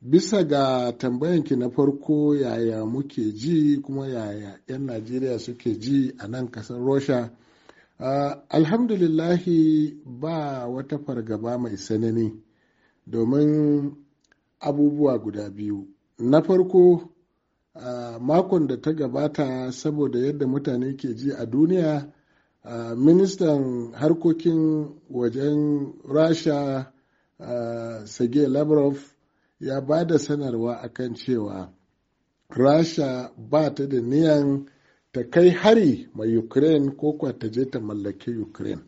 bisa ga tambayanki na farko yaya muke ji kuma yaya 'yan najeriya suke ji a nan kasar rosha uh, alhamdulillahi ba wata fargaba mai tsanani, domin abubuwa guda biyu na farko uh, makon da ta gabata saboda yadda mutane ke ji a duniya uh, ministan harkokin wajen rasha uh, sergei lavrov ya ba da sanarwa akan cewa rasha ba ta da niyan ta kai hari mai ukraine ko kuwa ta je ta mallake ukraine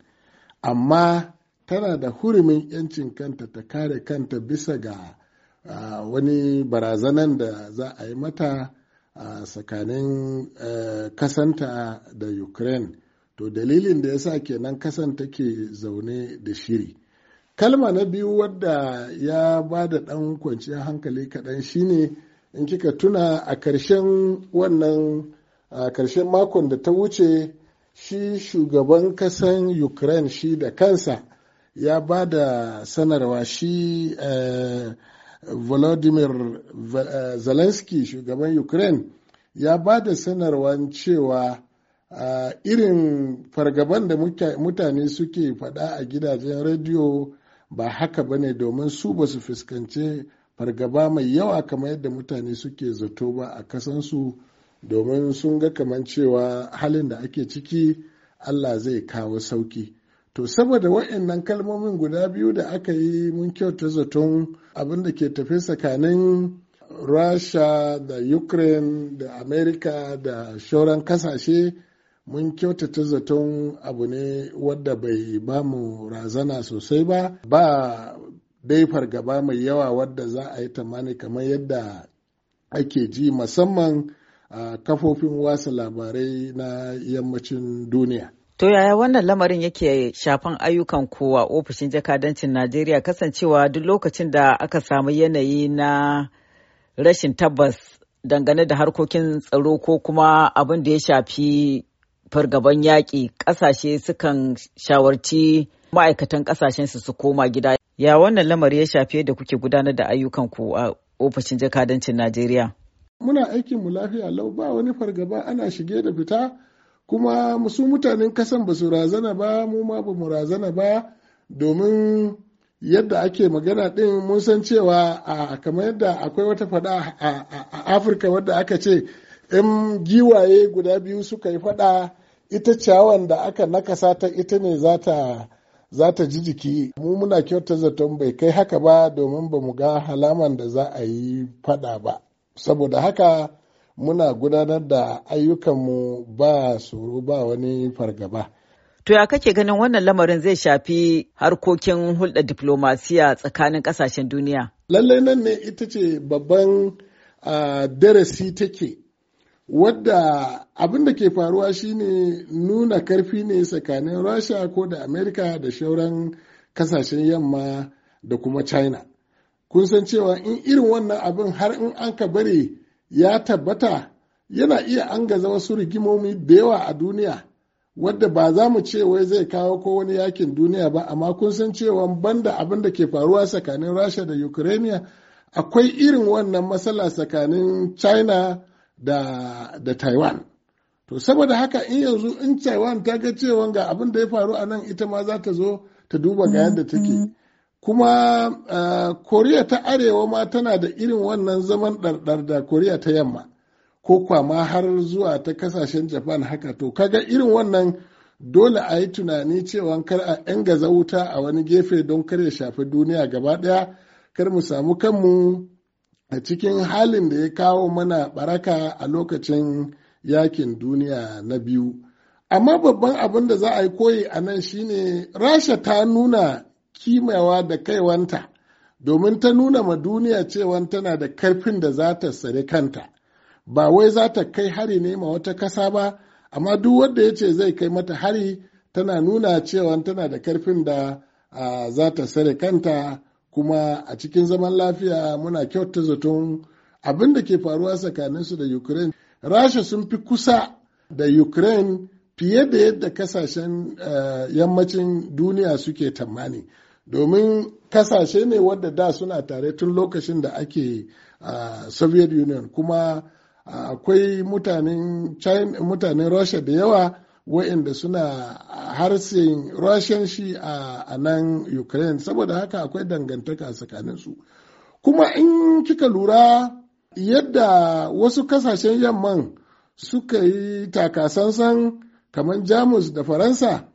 amma tana da hurumin 'yancin kanta ta kare kanta bisa ga uh, wani barazanan da za a yi mata a tsakanin e, kasanta da ukraine to dalilin da ya sa kenan kasan take zaune da shiri kalma na biyu wadda ya ba da ɗan kwanciyar hankali kaɗan shine in kika tuna a ƙarshen wannan a ƙarshen makon da ta wuce shi shugaban kasan ukraine shi da kansa ya ba da sanarwa shi eh, volodymyr eh, zelensky shugaban ukraine ya ba da sanarwar cewa uh, irin fargaban da mutane suke faɗa a gidajen rediyo ba haka bane domin su ba su fuskanci fargaba mai yawa kamar yadda mutane suke zato ba a kasansu domin sun ga kamar cewa halin da ake ciki Allah zai kawo sauki. To saboda wa'annan kalmomin guda biyu da aka yi mun kyauta zaton abin da ke tafe tsakanin Rasha da Ukraine da Amerika da shauran kasashe mun kyautata zaton abu ne wadda bai ba mu razana sosai ba ba dai fargaba mai yawa wadda za a yi tamani kamar yadda ake ji musamman a kafofin wasa labarai na yammacin duniya. To yaya wannan lamarin yake shafan ayyukan kowa ofishin jakadancin Najeriya kasancewa duk lokacin da aka samu yanayi na rashin tabbas dangane da harkokin tsaro ko kuma abin da ya shafi fargaban yaƙi ƙasashe sukan shawarci ma'aikatan ƙasashen su su koma gida. Ya wannan lamari ya shafi da kuke gudanar da ayyukanku a ofishin jakadancin Najeriya. Muna aikin mu lafiya lau ba wani fargaba ana shige da fita kuma su mutanen kasan ba su razana ba mu ma ba mu razana ba domin yadda ake magana ɗin mun san cewa a kamar yadda akwai wata fada a afirka wadda aka ce 'yan giwaye guda biyu suka yi fada ita ciyawan da aka nakasa ta ita ne za ta ji jiki mu muna kyauta zaton bai kai haka ba domin ba mu ga halaman da za a yi fada ba saboda haka muna gudanar da ayyukanmu ba tsoro ba wani fargaba To ya kake ganin wannan lamarin zai shafi harkokin hulɗar diplomasiya tsakanin ƙasashen duniya? Lallai nan ne ita ce babban ah, darasi take wadda abin da ke faruwa shine nuna karfi ne tsakanin rasha ko da amerika da shauran kasashen yamma da kuma china kun san cewa in irin wannan abin har in an ka bari ya tabbata yana iya an gaza wasu rigimomi da yawa a duniya wadda ba za mu ce wai zai kawo ko wani yakin duniya ba amma kun san cewa banda abin da ke faruwa tsakanin rasha da ukraine akwai irin wannan matsala tsakanin china da, da Taiwan. To saboda haka in yanzu in Taiwan ta ga cewa ga abin da ya faru a nan ita ma za ta zo ta duba ga yadda take. Mm-hmm. Kuma uh, ta Arewa ma tana da irin wannan zaman ɗarɗar da Koriya ta Yamma, ko kwama har zuwa ta kasashen Japan haka to kaga irin wannan dole a yi tunani cewa kar a 'yan gaza wuta a wani gefe don kar ya shafi duniya gaba ɗaya kar mu samu kanmu a cikin halin da ya kawo mana baraka a lokacin yakin duniya na biyu amma babban abin da za a yi koyi a nan shine rasha ta nuna kimawa da kaiwanta domin ta nuna ma duniya cewa tana da karfin da za ta sare kanta ba wai za ta kai hari ne ma wata kasa ba amma duk wanda ya ce zai kai mata hari tana nuna cewa tana da karfin da za ta sare kanta kuma a cikin zaman lafiya muna kyauta zaton abin da ke faruwa tsakaninsu da ukraine rasha sun fi kusa da ukraine fiye da yadda kasashen uh, yammacin duniya suke tamani domin kasashe ne wadda da suna tare tun lokacin da ake uh, soviet union kuma eh, akwai uh, mutanen mutanen russia da yawa wa'inda suna harshen rashen shi a nan ukraine saboda haka akwai dangantaka tsakanin su kuma in kika lura yadda wasu kasashen yamman suka yi takasansan kamar jamus da faransa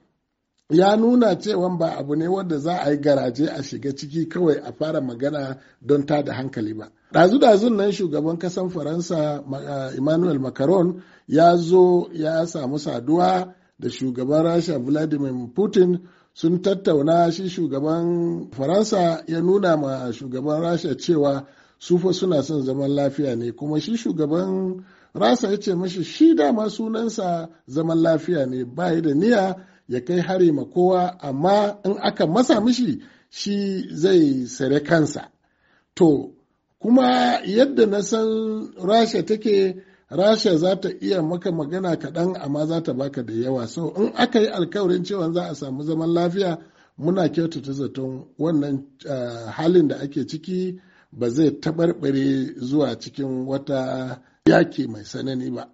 ya nuna cewa ba abu ne wanda za a yi garaje a shiga ciki kawai a fara magana don ta da hankali ba dazu ɗazun nan shugaban kasan Faransa Emmanuel Macron ya zo ya samu saduwa da shugaban Rasha Vladimir Putin sun tattauna shi shugaban Faransa ya nuna ma shugaban Rasha cewa sufa suna son zaman lafiya ne kuma shi shugaban rasha ya ce mashi shi dama sunansa zaman lafiya ne bayi da niyya ya kai hari ma kowa amma in aka masa mishi shi zai sare kansa. To kuma yadda na san rasha take rasha za ta iya maka magana kaɗan amma za ta baka da yawa so in aka yi alkawarin cewa za a samu zaman lafiya muna kyautata zaton wannan eh, halin da ake ciki ba zai taɓarɓare zuwa cikin wata yaki mai tsanani ba